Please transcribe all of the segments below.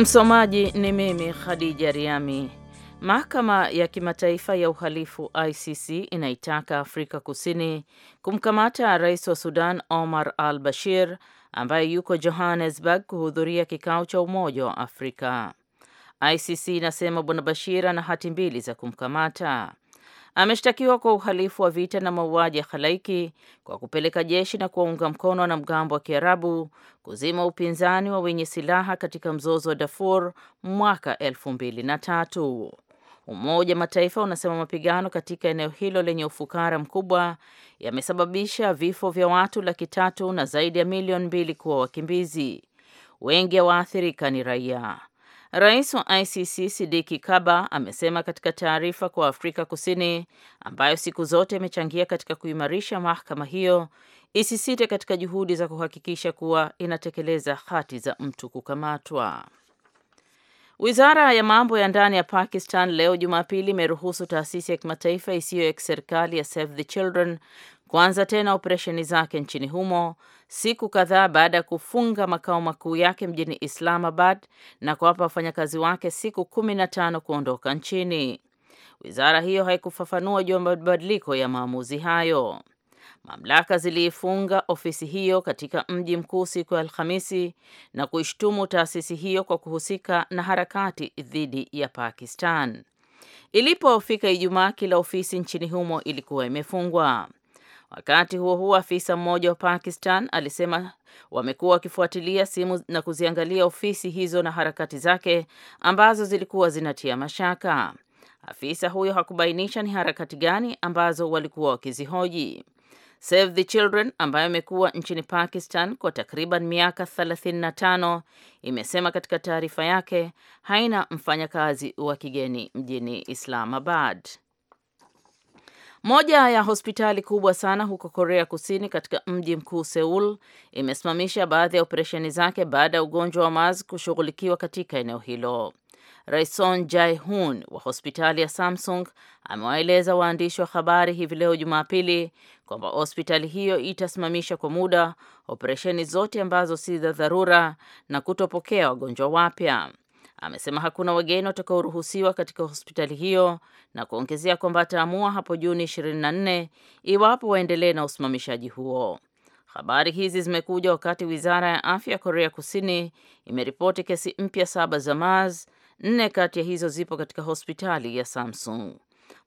Msomaji ni mimi Khadija Riami. Mahakama ya Kimataifa ya Uhalifu ICC inaitaka Afrika Kusini kumkamata rais wa Sudan Omar al Bashir ambaye yuko Johannesburg kuhudhuria kikao cha Umoja wa Afrika. ICC inasema Bwana Bashir ana hati mbili za kumkamata ameshtakiwa kwa uhalifu wa vita na mauaji ya halaiki kwa kupeleka jeshi na kuwaunga mkono wanamgambo wa Kiarabu kuzima upinzani wa wenye silaha katika mzozo wa Darfur mwaka elfu mbili na tatu. Umoja wa Mataifa unasema mapigano katika eneo hilo lenye ufukara mkubwa yamesababisha vifo vya watu laki tatu na zaidi ya milioni mbili kuwa wakimbizi. Wengi ya waathirika ni raia. Rais wa ICC Sidiki Kaba amesema katika taarifa kwa Afrika Kusini, ambayo siku zote imechangia katika kuimarisha mahakama hiyo, isisite katika juhudi za kuhakikisha kuwa inatekeleza hati za mtu kukamatwa. Wizara ya mambo ya ndani ya Pakistan leo Jumapili imeruhusu taasisi ya kimataifa isiyo ya kiserikali ya Save the Children kuanza tena operesheni zake nchini humo siku kadhaa baada ya kufunga makao makuu yake mjini Islamabad na kuwapa wafanyakazi wake siku kumi na tano kuondoka nchini. Wizara hiyo haikufafanua juu ya mabadiliko ya maamuzi hayo. Mamlaka ziliifunga ofisi hiyo katika mji mkuu siku ya Alhamisi na kuishtumu taasisi hiyo kwa kuhusika na harakati dhidi ya Pakistan. Ilipofika Ijumaa, kila ofisi nchini humo ilikuwa imefungwa. Wakati huo huo, afisa mmoja wa Pakistan alisema wamekuwa wakifuatilia simu na kuziangalia ofisi hizo na harakati zake ambazo zilikuwa zinatia mashaka. Afisa huyo hakubainisha ni harakati gani ambazo walikuwa wakizihoji. Save the Children ambayo imekuwa nchini Pakistan kwa takriban miaka 35 imesema katika taarifa yake haina mfanyakazi wa kigeni mjini Islamabad. Moja ya hospitali kubwa sana huko Korea Kusini katika mji mkuu seul imesimamisha baadhi ya operesheni zake baada ya ugonjwa wa mas kushughulikiwa katika eneo hilo. Raison Jae-hoon wa hospitali ya Samsung amewaeleza waandishi wa habari hivi leo Jumapili kwamba hospitali hiyo itasimamisha kwa muda operesheni zote ambazo si za dharura na kutopokea wagonjwa wapya amesema hakuna wageni watakaoruhusiwa katika hospitali hiyo na kuongezea kwamba ataamua hapo Juni 24 iwapo waendelee na usimamishaji huo. Habari hizi zimekuja wakati wizara ya afya ya Korea Kusini imeripoti kesi mpya saba za mas Nne kati ya hizo zipo katika hospitali ya Samsung.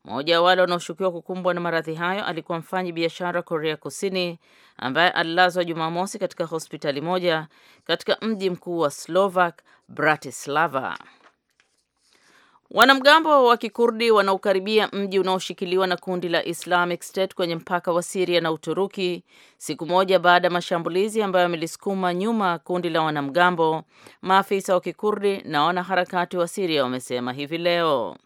Mmoja wa wale wanaoshukiwa kukumbwa na maradhi hayo alikuwa mfanyi biashara Korea Kusini ambaye alilazwa Jumamosi katika hospitali moja katika mji mkuu wa Slovak Bratislava. Wanamgambo wa Kikurdi wanaokaribia mji unaoshikiliwa na kundi la Islamic State kwenye mpaka wa Siria na Uturuki siku moja baada ya mashambulizi ambayo yamelisukuma nyuma kundi la wanamgambo, maafisa wa Kikurdi na wanaharakati wa Siria wamesema hivi leo.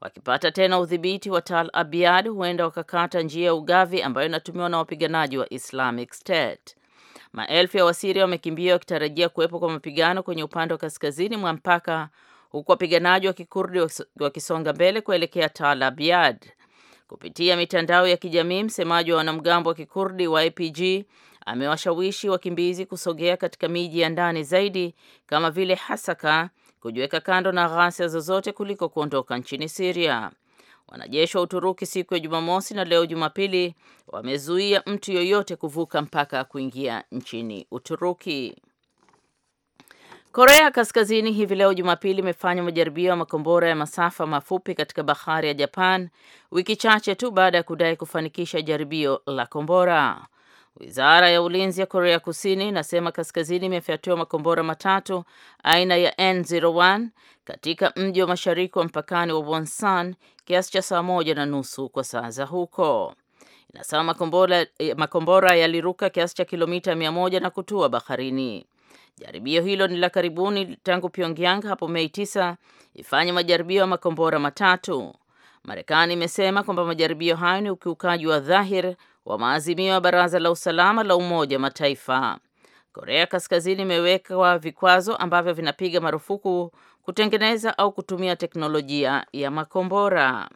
Wakipata tena udhibiti wa Tal Abyad, huenda wakakata njia ya ugavi ambayo inatumiwa na wapiganaji wa Islamic State. Maelfu ya Wasiria wamekimbia wakitarajia kuwepo kwa mapigano kwenye upande wa kaskazini mwa mpaka, huku wapiganaji wa Kikurdi wakisonga mbele kuelekea Tal Abyad. Kupitia mitandao ya kijamii, msemaji wa wanamgambo wa Kikurdi wa YPG amewashawishi wakimbizi kusogea katika miji ya ndani zaidi kama vile Hasaka kujiweka kando na ghasia zozote kuliko kuondoka nchini Siria. Wanajeshi wa Uturuki siku ya Jumamosi na leo Jumapili wamezuia mtu yoyote kuvuka mpaka kuingia nchini Uturuki. Korea Kaskazini hivi leo Jumapili imefanya majaribio ya makombora ya masafa mafupi katika bahari ya Japan wiki chache tu baada ya kudai kufanikisha jaribio la kombora. Wizara ya ulinzi ya Korea Kusini inasema kaskazini imefyatua makombora matatu aina ya N01 katika mji wa mashariki wa mpakani wa Wonsan kiasi cha saa moja na nusu kwa saa za huko. Inasema makombora, eh, makombora yaliruka kiasi cha kilomita mia moja na kutua baharini. Jaribio hilo ni la karibuni tangu Pyongyang hapo Mei 9 ifanye majaribio ya makombora matatu. Marekani imesema kwamba majaribio hayo ni ukiukaji wa dhahir wa maazimio ya Baraza la Usalama la Umoja Mataifa. Korea Kaskazini imewekwa vikwazo ambavyo vinapiga marufuku kutengeneza au kutumia teknolojia ya makombora.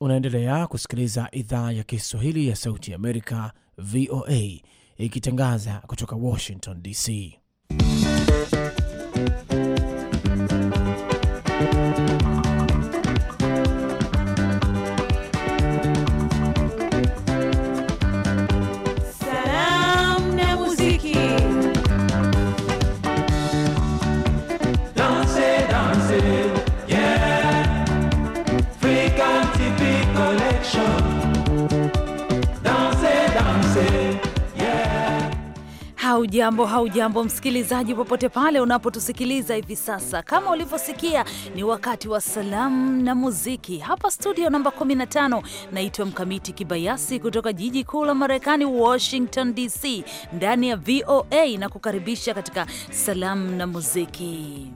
Unaendelea kusikiliza idhaa ya Kiswahili ya Sauti ya Amerika, VOA, ikitangaza kutoka Washington DC. Haujambo, haujambo msikilizaji, popote pale unapotusikiliza hivi sasa. Kama ulivyosikia, ni wakati wa salamu na muziki hapa studio namba 15. Naitwa Mkamiti Kibayasi kutoka jiji kuu la Marekani, Washington DC, ndani ya VOA na kukaribisha katika salamu na muziki.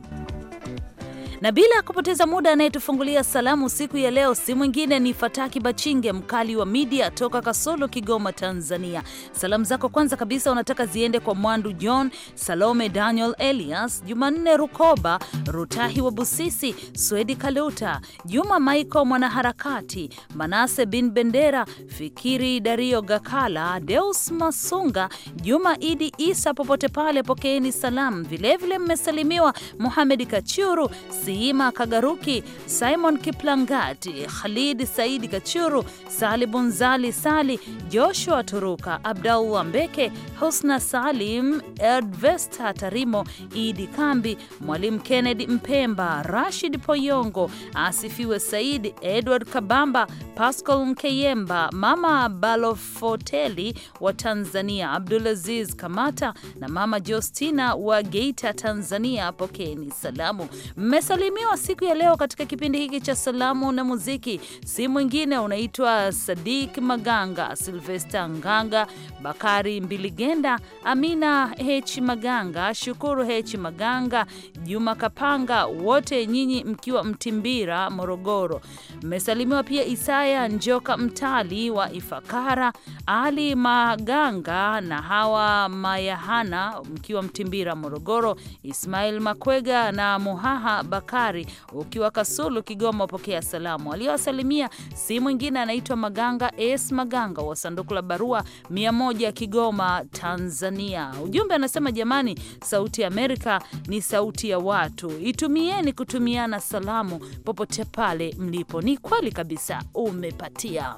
Na bila ya kupoteza muda, anayetufungulia salamu siku ya leo si mwingine ni Fataki Bachinge, mkali wa midia toka Kasolo, Kigoma, Tanzania. Salamu zako kwanza kabisa unataka ziende kwa Mwandu John, Salome Daniel, Elias Jumanne Rukoba, Rutahi wa Busisi, Swedi Kaluta, Juma Maiko mwanaharakati, Manase bin Bendera, Fikiri Dario Gakala, Deus Masunga, Juma Idi Isa, popote pale pokeeni salamu. Vilevile mmesalimiwa Muhamedi Kachuru si Siima Kagaruki, Simon Kiplangati, Khalid Saidi Kachuru, Sali Bunzali Sali, Joshua Turuka, Abdallah Mbeke, Husna Salim, Edvesta Tarimo, Idi Kambi, Mwalimu Kennedy Mpemba, Rashid Poyongo, Asifiwe Said, Edward Kabamba, Pascal Mkeyemba, Mama Balofoteli wa Tanzania, Abdulaziz Kamata na Mama Jostina wa Geita, Tanzania, pokeni salamu. Mmesalimu kusalimiwa siku ya leo katika kipindi hiki cha salamu na muziki si mwingine, unaitwa Sadik Maganga, Silvesta Nganga, Bakari Mbiligenda, Amina H Maganga, Shukuru H Maganga, Juma Kapanga, wote nyinyi mkiwa Mtimbira, Morogoro. Mmesalimiwa pia Isaya Njoka Mtali wa Ifakara, Ali Maganga na Hawa Mayahana mkiwa Mtimbira, Morogoro, Ismail Makwega na Muhaha Bakari ukiwa Kasulu, Kigoma, wapokea salamu. Aliyowasalimia si mwingine anaitwa Maganga Es Maganga wa sanduku la barua 100 Kigoma, Tanzania. Ujumbe anasema jamani, Sauti ya Amerika ni sauti ya watu, itumieni kutumiana salamu popote pale mlipo. Ni kweli kabisa, umepatia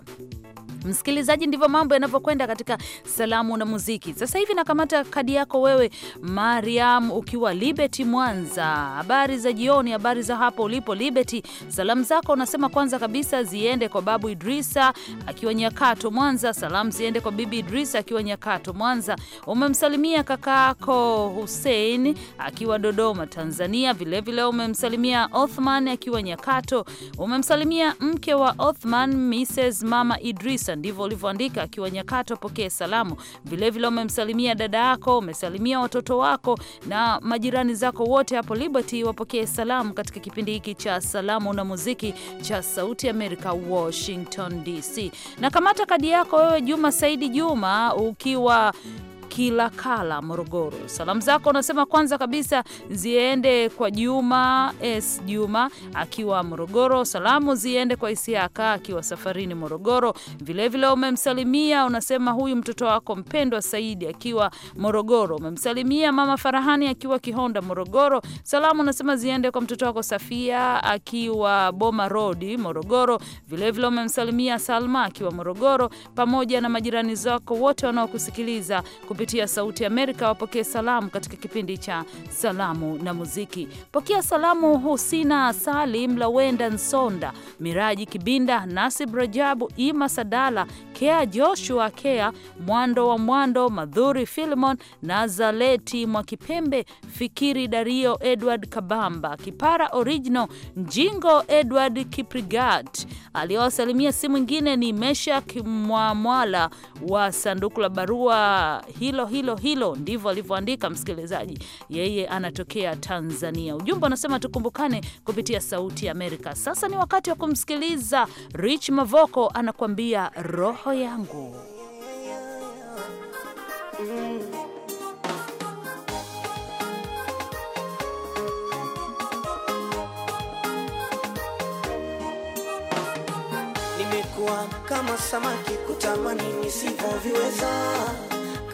Msikilizaji, ndivyo mambo yanavyokwenda katika salamu na muziki. Sasa hivi nakamata kadi yako wewe, Mariam, ukiwa Liberty Mwanza. Habari za jioni, habari za hapo ulipo Liberty. Salamu zako unasema kwanza kabisa ziende kwa babu Idrisa akiwa Nyakato Mwanza. Salamu ziende kwa bibi Idrisa akiwa Nyakato Mwanza. Umemsalimia kakaako Hussein akiwa Dodoma Tanzania. Vilevile vile umemsalimia Othman akiwa Nyakato. Umemsalimia mke wa Othman, Mrs. Mama Idrisa Twitter, ndivyo ulivyoandika akiwa Nyakato, pokee salamu. Vilevile umemsalimia dada yako, umesalimia watoto wako na majirani zako wote hapo Liberty, wapokee salamu katika kipindi hiki cha salamu na muziki cha Sauti Amerika, Washington DC. Na kamata kadi yako wewe, Juma Saidi Juma, ukiwa kala Morogoro. Salamu zako unasema kwanza kabisa ziende kwa Juma S Juma akiwa Morogoro. Salamu ziende kwa Isiaka akiwa safarini Morogoro. Vilevile umemsalimia unasema huyu mtoto wako mpendwa Saidi akiwa Morogoro. Umemsalimia mama Farahani akiwa Kihonda, Morogoro. Salamu unasema ziende kwa mtoto wako Safia akiwa Boma Road, Morogoro. Vilevile umemsalimia Salma akiwa Morogoro pamoja na majirani zako wote wanaokusikiliza kupitia kupitia Sauti Amerika wapokee salamu katika kipindi cha salamu na muziki. Pokea salamu Husina Salim, Lawenda Nsonda, Miraji Kibinda, Nasib Rajabu, Ima Sadala, Kea Joshua, Kea Mwando wa Mwando, Madhuri Filimon, Nazaleti Mwakipembe, Fikiri Dario, Edward Kabamba, Kipara Original, Njingo Edward Kiprigat. Aliyowasalimia si mwingine ni Meshak Mwamwala wa sanduku la barua hilo hilo hilo hilo, ndivyo alivyoandika msikilizaji. Yeye anatokea Tanzania. Ujumbe unasema tukumbukane kupitia Sauti ya Amerika. Sasa ni wakati wa kumsikiliza Rich Mavoko anakuambia roho yangu nimekuwa kama samaki kutamani nisivyoviweza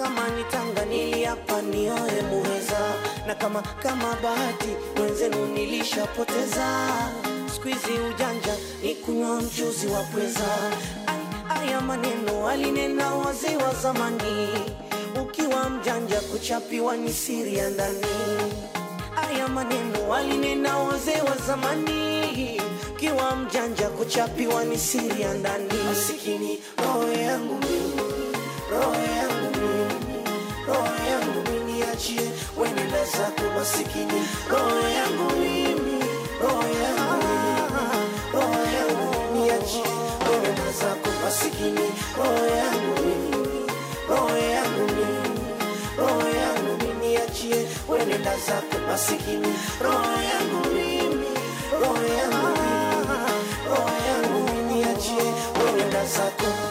kama ni Tanga niliapa nioe muweza na kama kama bahati wenzenu nilishapoteza. Siku ujanja ni kunywa mchuzi wa pweza. aya maneno alinena wazee wa zamani, ukiwa mjanja kuchapiwa ni siri ya ndani. aya maneno alinena wazee wa zamani kiwa mjanja kuchapiwa ni siri ya ndani. Masikini roho yangu roho yangu roho yangu niachie, wendela zako masikini, roho yangu mimi, roho yangu niachie, wendela zako masikini, roho yangu roho yangu roho yangu niachie, wendela zako masikini, roho yangu mimi, roho yangu roho yangu niachie, wendela zako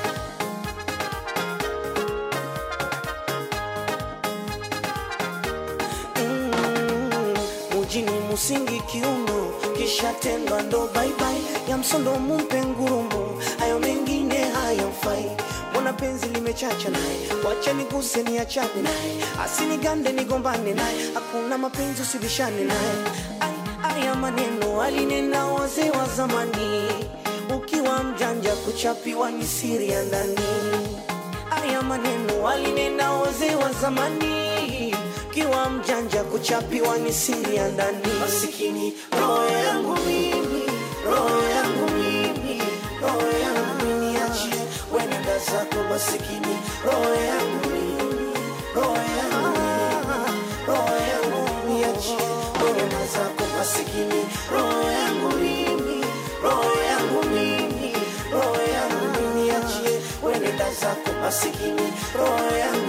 msingi kiuno kisha tendwa ndo baibai ya msondo mumpe ngurumo, hayo mengine hayamfai. Mbona penzi limechacha naye, wacha niguse achane naye, asini gande ni gombane naye, hakuna mapenzi usibishane naye. Haya maneno alinena wazee wa zamani, ukiwa mjanja kuchapiwa ni siri ya ndani. Haya maneno alinena wazee wa zamani ukiwa mjanja kuchapiwa ni siri ya ndani. Masikini roho yangu mimi, roho yangu mimi, roho yangu mimi, achie wenenda zako masikini, roho yangu roho yangu mimi, roho yangu mimi, roho yangu mimi, zako masikini, roho yangu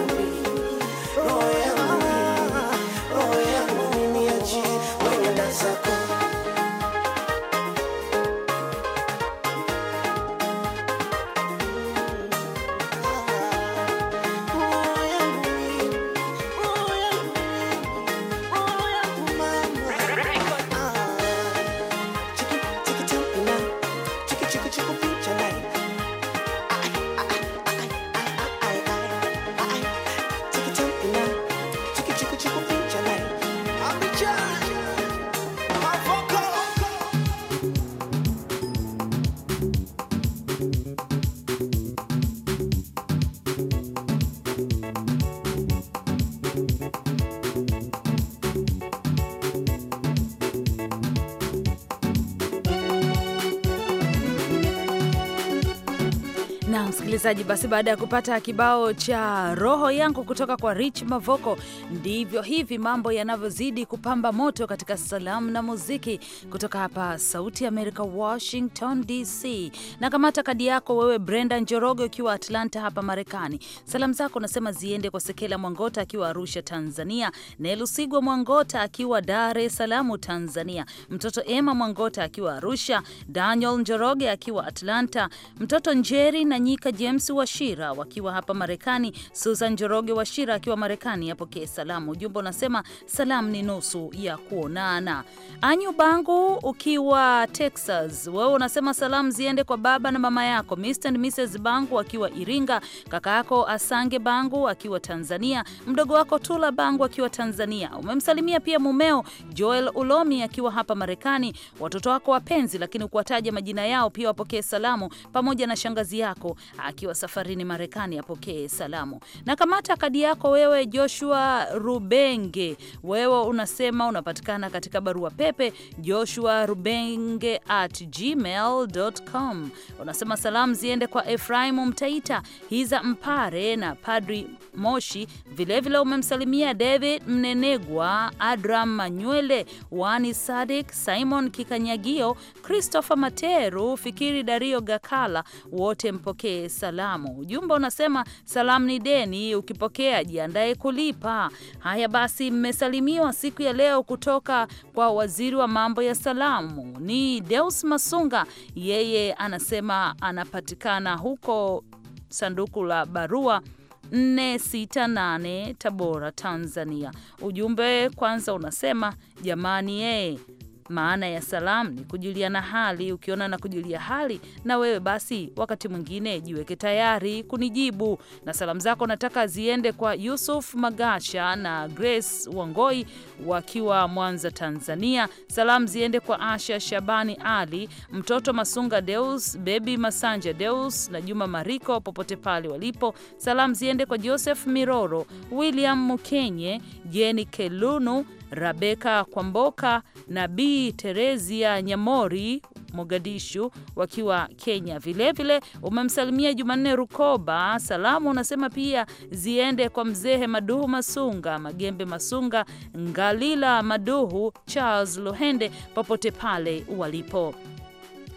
msikilizaji, basi baada ya kupata kibao cha roho yangu kutoka kwa Rich Mavoko, ndivyo hivi mambo yanavyozidi kupamba moto katika salamu na muziki kutoka hapa Sauti Amerika, Washington DC. Na kamata kadi yako wewe, Brenda Njoroge, ukiwa Atlanta hapa Marekani. Salamu zako nasema ziende kwa Sekela Mwangota akiwa Arusha, Tanzania, Nelusigwa Mwangota akiwa Dar es Salaam, Tanzania, mtoto Emma Mwangota akiwa Arusha, Daniel Njoroge akiwa Atlanta, mtoto Njeri na Nyika James Washira wakiwa hapa Marekani, Susan joroge Washira akiwa Marekani apokee salamu. Ujumbe unasema salamu ni nusu ya kuonana. Anyu Bangu ukiwa Texas, wewe unasema salamu ziende kwa baba na mama yako Mr. and Mrs. Bangu akiwa Iringa, kaka yako Asange Bangu akiwa Tanzania, mdogo wako Tula Bangu akiwa Tanzania. Umemsalimia pia mumeo Joel Ulomi akiwa hapa Marekani, watoto wako wapenzi, lakini ukuwataja majina yao pia wapokee salamu, pamoja na shangazi yako akiwa safarini Marekani apokee salamu. Na kamata kadi yako wewe, Joshua Rubenge, wewe unasema unapatikana katika barua pepe Joshua Rubenge at gmail.com. Unasema salamu ziende kwa Efraimu Mtaita, Hiza Mpare na Padri Moshi. Vilevile umemsalimia David Mnenegwa, Adram Manywele, Wani Sadik, Simon Kikanyagio, Christopher Materu, Fikiri Dario Gakala, wote mpokee salamu. Ujumbe unasema salamu ni deni, ukipokea jiandae kulipa. Haya basi, mmesalimiwa siku ya leo kutoka kwa waziri wa mambo ya salamu ni Deus Masunga, yeye anasema anapatikana huko sanduku la barua 468 Tabora, Tanzania. Ujumbe kwanza unasema jamani, yeye maana ya salam ni kujuliana hali. Ukiona na kujulia hali na wewe, basi wakati mwingine jiweke tayari kunijibu. Na salamu zako nataka ziende kwa Yusuf Magasha na Grace Wangoi wakiwa Mwanza, Tanzania. Salamu ziende kwa Asha Shabani Ali, mtoto Masunga Deus, Bebi Masanja Deus na Juma Mariko popote pale walipo. Salamu ziende kwa Joseph Miroro, William Mukenye, Jeni Kelunu Rabeka Kwamboka na B Terezia Nyamori Mogadishu wakiwa Kenya. Vilevile umemsalimia Jumanne Rukoba, salamu unasema pia ziende kwa Mzehe Maduhu Masunga, Magembe Masunga, Ngalila Maduhu, Charles Lohende popote pale walipo.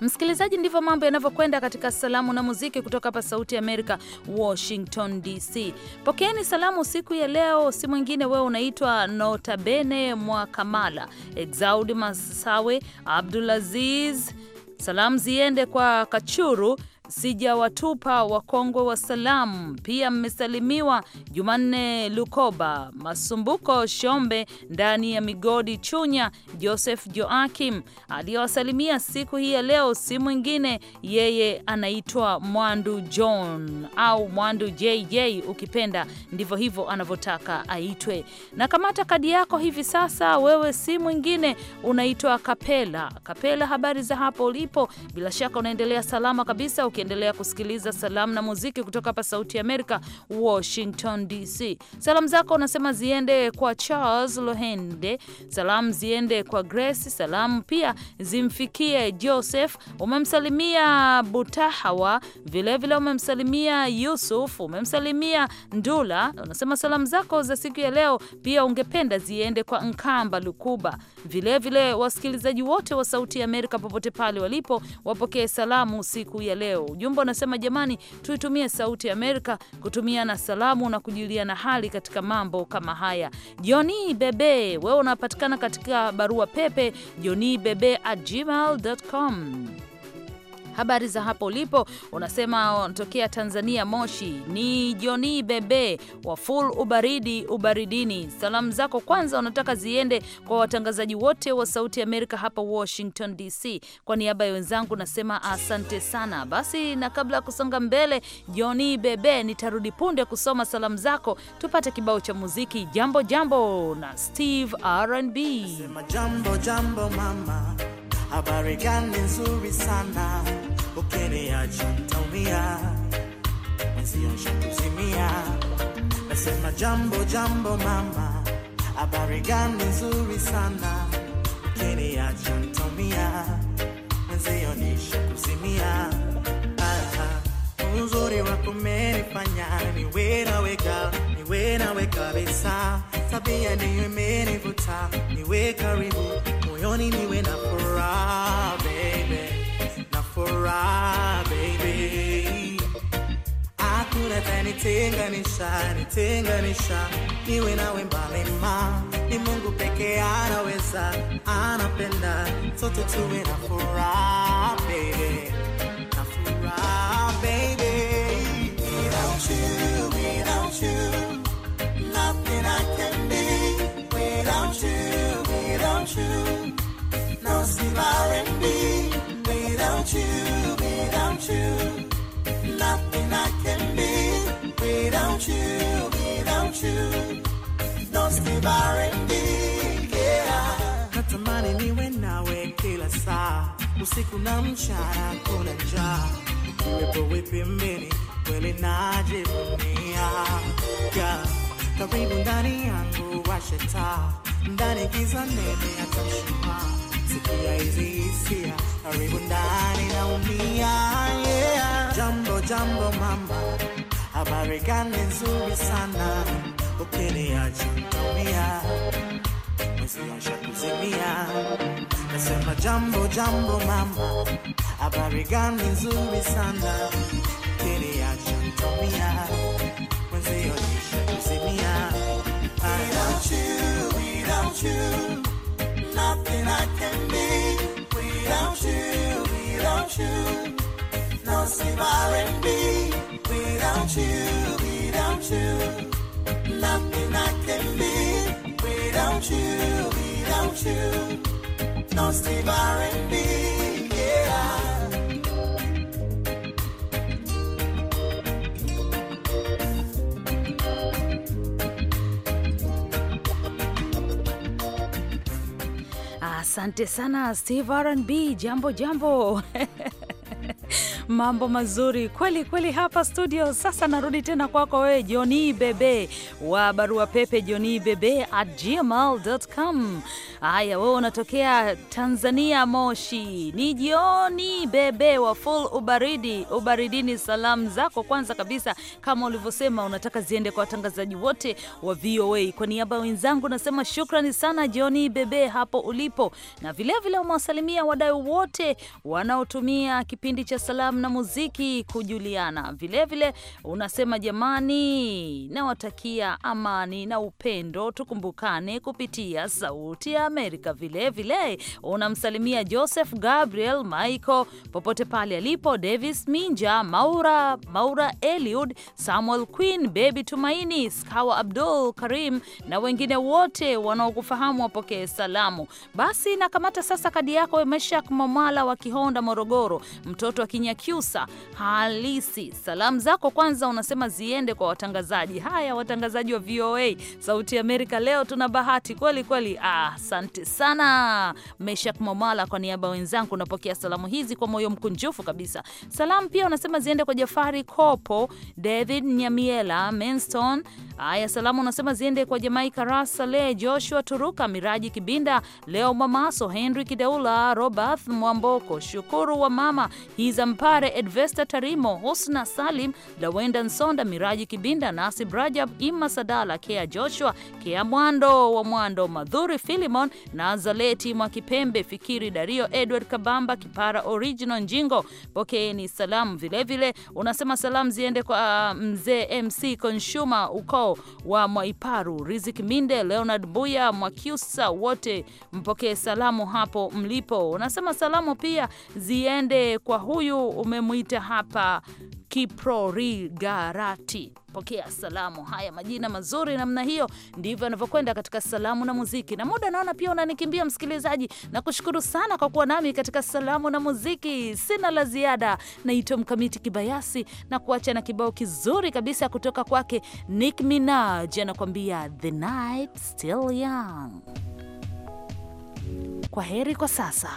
Msikilizaji, ndivyo mambo yanavyokwenda katika salamu na muziki kutoka hapa Sauti ya Amerika, Washington DC. Pokeeni salamu siku ya leo, si mwingine wewe unaitwa Notabene Mwakamala, Exaudi Masawe, Abdulaziz. Salamu ziende kwa Kachuru sijawatupa wakongwe wa salamu. Pia mmesalimiwa Jumanne Lukoba, Masumbuko Shombe ndani ya migodi Chunya. Joseph Joakim aliyewasalimia siku hii ya leo si mwingine, yeye anaitwa Mwandu John au Mwandu JJ ukipenda, ndivyo hivyo anavyotaka aitwe. Na kamata kadi yako hivi sasa, wewe si mwingine, unaitwa Kapela. Kapela, habari za hapo ulipo? Bila shaka unaendelea salama kabisa uki ukiendelea kusikiliza salamu na muziki kutoka hapa Sauti Amerika, Washington DC. Salamu zako unasema ziende kwa Charles Lohende, salamu ziende kwa Grace, salamu pia zimfikie Joseph, umemsalimia Butahawa, vilevile umemsalimia Yusuf, umemsalimia Ndula. Unasema salamu zako za siku ya leo pia ungependa ziende kwa Nkamba Lukuba, vilevile wasikilizaji wote wa Sauti ya Amerika popote pale walipo wapokee salamu siku ya leo. Ujumbe unasema jamani, tuitumie Sauti Amerika kutumiana salamu na kujuliana hali katika mambo kama haya. Joni Bebe, wewe unapatikana katika barua pepe joni bebe at gmail.com. Habari za hapo ulipo, unasema wanatokea Tanzania, Moshi. Ni Joni Bebe wa Full Ubaridi Ubaridini. Salamu zako kwanza unataka ziende kwa watangazaji wote wa Sauti ya Amerika hapa Washington DC. Kwa niaba ya wenzangu nasema asante sana. Basi na kabla ya kusonga mbele, Joni Bebe, nitarudi punde kusoma salamu zako. Tupate kibao cha muziki Jambo Jambo na Steve R&B. Nasema jambo jambo mama habari gani nzuri sana ukiniacha ntaumia, mwenzio nshakuzimia. Nasema jambo jambo mama, habari gani nzuri sana ukiniacha ntaumia, mwenzio nishakuzimia. Uzuri wako umenifanya niwe nawe niwe nawe kabisa, tabia ndiyo imenivuta niwe karibu You only need when I for baby. Not for baby. I could have anything, anisha, anything, anisha. Ni wena wembali ma, ni Mungu peke anaweza, anapenda. So tutuwe na furaha, baby. Na furaha, baby. Without you, without you, nothing I can be without you without you. No R&B without you, without you. Nothing I can be without you, without you. No R&B. Yeah. kila saa, usiku na mchana, kuna njaa. Ukiwepo wipimini kweli najivunia. Karibu ndani yangu washe ndani giza nene atashuka, sikia hizi hisia karibu ndani naumia, yeah. Jambo jambo mama, habari gani nzuri sana, ukiniacha naumia, nasema jambo jambo mama, habari gani nzuri sana, ukiniacha naumia, I want you. without you. Nothing I can be without you, without you. No R&B without you, without you. Nothing I can be without you, without you. No R&B. Asante sana Steve RnB, jambo jambo. Mambo mazuri kweli kweli hapa studio. Sasa narudi tena kwako wewe Joni Bebe wa barua pepe joni bebe at gmail.com. Haya, wewe unatokea Tanzania, Moshi, ni jioni bebe wa full ubaridi ubaridini. Salamu zako kwanza kabisa, kama ulivyosema, unataka ziende kwa watangazaji wote wa VOA. Kwa niaba ya wenzangu nasema shukrani sana jioni bebe hapo ulipo, na vilevile umewasalimia wadau wote wanaotumia kipindi cha salamu na muziki kujuliana. Vilevile vile, unasema jamani, nawatakia amani na upendo, tukumbukane kupitia Sauti ya Amerika. Vilevile unamsalimia Joseph Gabriel Michael popote pale alipo, Davis Minja, Maura Maura, Eliud Samuel, Queen Baby, Tumaini Skawa, Abdul Karim na wengine wote wanaokufahamu wapokee salamu. Basi nakamata sasa kadi yako, Meshak Mamala wa Kihonda, Morogoro, mtoto wa Kinyakyusa halisi. Salamu zako kwanza unasema ziende kwa watangazaji. Haya, watangazaji wa VOA Sauti Amerika, leo tuna bahati kweli kweli. Ah, sana Asante sana Meshak Momala, kwa niaba wenzangu napokea salamu hizi kwa moyo mkunjufu kabisa. Salamu pia unasema ziende kwa Jafari Kopo, David Nyamiela, Menston. Aya, salamu unasema ziende kwa Jamaika Rasale, Joshua Turuka, Miraji Kibinda, Leo Mamaso, Henry Kideula, Robert Mwamboko, Shukuru wa Mama Hiza Mpare, Edvesta Tarimo, Husna Salim, Lawenda Nsonda, Miraji Kibinda, Nasib Rajab, Ima Sadala, Kea Joshua, Kea Mwando wa Mwando, Madhuri Filimon Nazaleti Mwakipembe, Fikiri Dario, Edward Kabamba, Kipara Original Njingo, pokeeni salamu. Vilevile unasema salamu ziende kwa uh, mzee MC konshuma ukoo wa Mwaiparu, Rizik Minde, Leonard Buya, Mwakiusa, wote mpokee salamu hapo mlipo. Unasema salamu pia ziende kwa huyu umemwita hapa Kiprori Garati pokea salamu. Haya majina mazuri namna hiyo, ndivyo anavyokwenda katika salamu na muziki. Na muda naona pia unanikimbia msikilizaji, na kushukuru sana kwa kuwa nami katika salamu na muziki. Sina la ziada, naitwa Mkamiti Kibayasi na kuacha na kibao kizuri kabisa kutoka kwake Nick Minaj anakuambia the night still young. Kwa heri kwa sasa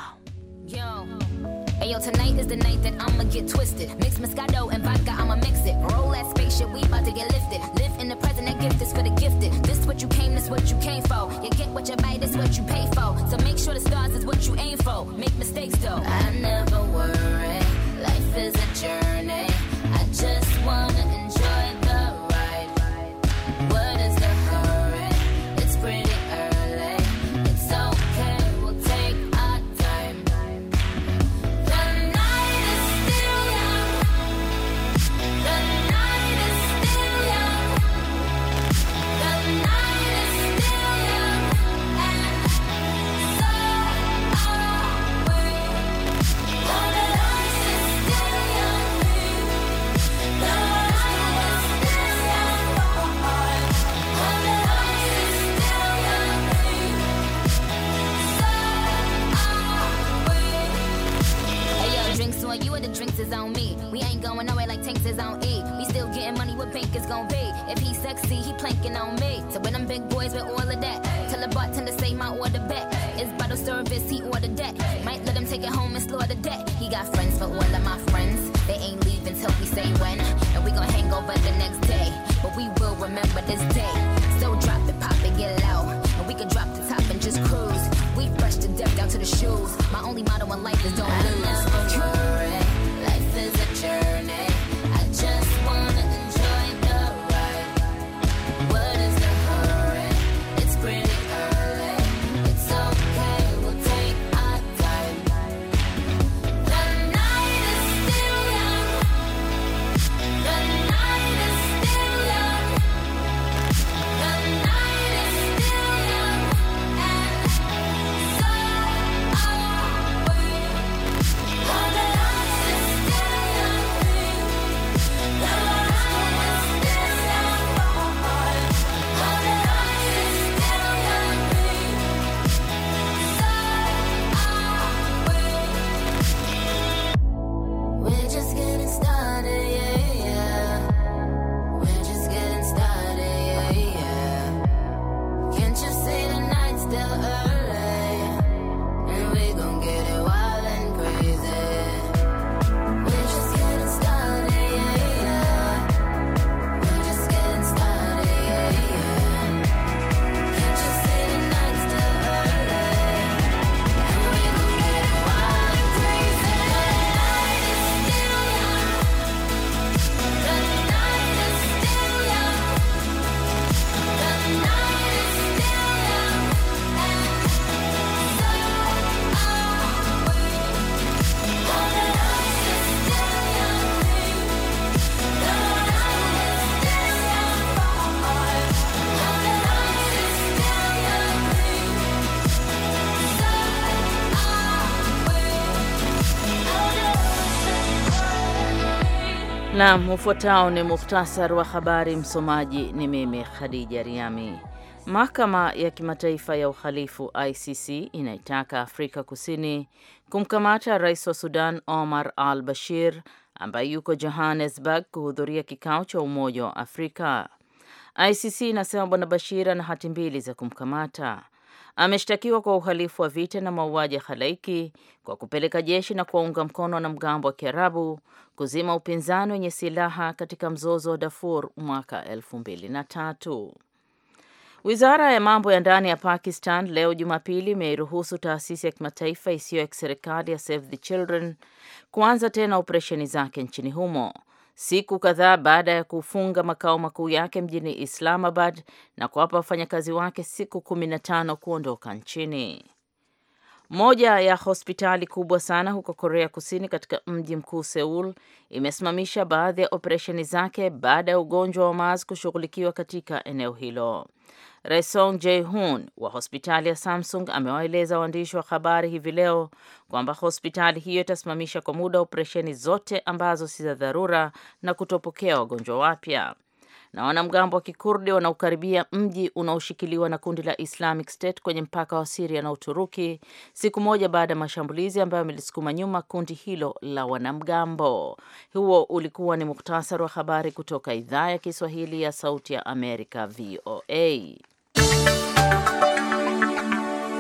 Yo. Ayo, tonight is the night that I'ma get twisted. Mix Moscato and vodka, I'ma mix it. Roll that spaceship, we about to get lifted. Live in the present, that gift is for the gifted. This what you came, this what you came for. You get what you buy, this what you pay for. So make sure the stars is what you aim for. Make mistakes though. I never worry, life is a journey. I just wanna If he sexy, he planking on me. So when I'm big boys with all of that, hey. tell the bartender say my order back. Hey. It's bottle service, he ordered that. Hey. Might let him take it home and slaughter debt. He got friends for all of my friends. They ain't leaving till we say when, and we gon' hang over the next day. But we will remember this day. So drop it, pop it, get loud, and we can drop the top and just cruise. We fresh to death down to the shoes. My only motto in life is don't lose. Naam, ufuatao ni muhtasar wa habari. Msomaji ni mimi Khadija Riami. Mahakama ya Kimataifa ya Uhalifu ICC inaitaka Afrika Kusini kumkamata rais wa Sudan Omar al Bashir ambaye yuko Johannesburg kuhudhuria kikao cha Umoja wa Afrika. ICC inasema Bwana Bashir ana hati mbili za kumkamata ameshtakiwa kwa uhalifu wa vita na mauaji ya halaiki kwa kupeleka jeshi na kuwaunga mkono mgambo wa Kiarabu kuzima upinzani wenye silaha katika mzozo wa Darfur mwaka tatu Wizara ya mambo ya ndani ya Pakistan leo Jumapili imeiruhusu taasisi ya kimataifa isiyo ya kiserikali ya Save the Children kuanza tena operesheni zake nchini humo siku kadhaa baada ya kufunga makao makuu yake mjini Islamabad na kuwapa wafanyakazi wake siku 15 kuondoka nchini. Moja ya hospitali kubwa sana huko Korea Kusini katika mji mkuu seul imesimamisha baadhi ya operesheni zake baada ya ugonjwa wa mas kushughulikiwa katika eneo hilo. Raesong Jae-hoon wa hospitali ya Samsung amewaeleza waandishi wa habari hivi leo kwamba hospitali hiyo itasimamisha kwa muda operesheni zote ambazo si za dharura na kutopokea wagonjwa wapya. Na wanamgambo wa Kikurdi wanaokaribia mji unaoshikiliwa na kundi la Islamic State kwenye mpaka wa Siria na Uturuki siku moja baada ya mashambulizi ambayo yamelisukuma nyuma kundi hilo la wanamgambo. Huo ulikuwa ni muktasari wa habari kutoka idhaa ya Kiswahili ya Sauti ya Amerika, VOA.